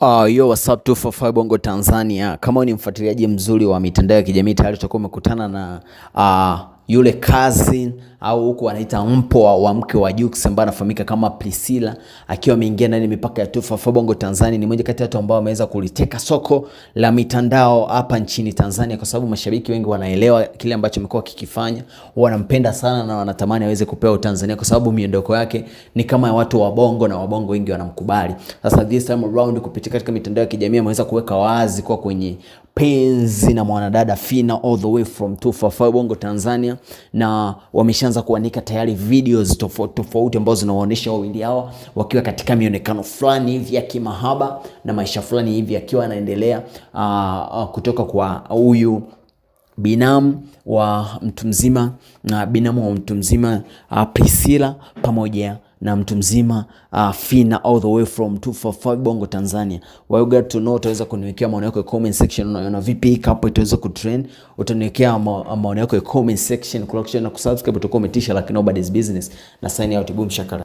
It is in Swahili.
Uh, yo what's up five Bongo Tanzania. Kama ni mfuatiliaji mzuri wa mitandao ya kijamii tayari utakuwa umekutana na uh, yule cousin au huku wanaita mpo wa wa mke wa Jux ambaye anafahamika kama Priscilla akiwa ameingia ndani mipaka ya Tufafa Bongo Tanzania. Ni mmoja kati ya watu ambao wameweza kuliteka soko la mitandao hapa nchini Tanzania, kwa sababu mashabiki wengi wanaelewa kile ambacho amekuwa kikifanya, wanampenda sana na wanatamani aweze kupewa Tanzania, kwa sababu miondoko yake ni kama ya watu wa Bongo na Wabongo wengi wanamkubali. Sasa this time around, kupitia katika mitandao ya kijamii ameweza kuweka wazi kwa kwenye penzi na mwanadada Fina all the way from 255 Bongo Tanzania, na wameshaanza kuanika tayari videos tofauti tofauti ambazo zinawaonyesha wawili hawa wakiwa katika mionekano fulani hivi ya kimahaba na maisha fulani hivi akiwa yanaendelea ah, ah, kutoka kwa huyu binamu wa mtu mzima na binamu wa mtu mzima ah, Priscilla pamoja na mtu mzima uh, Fina all the way from 245 Bongo Tanzania. Why got to know, utaweza kuniwekea maoni yako comment section, unaona vipi hii cup itaweza ku trend? Utaniwekea maoni yako comment section, na kusubscribe utakuwa umetisha, lakini nobody's business na sign out boom shakara.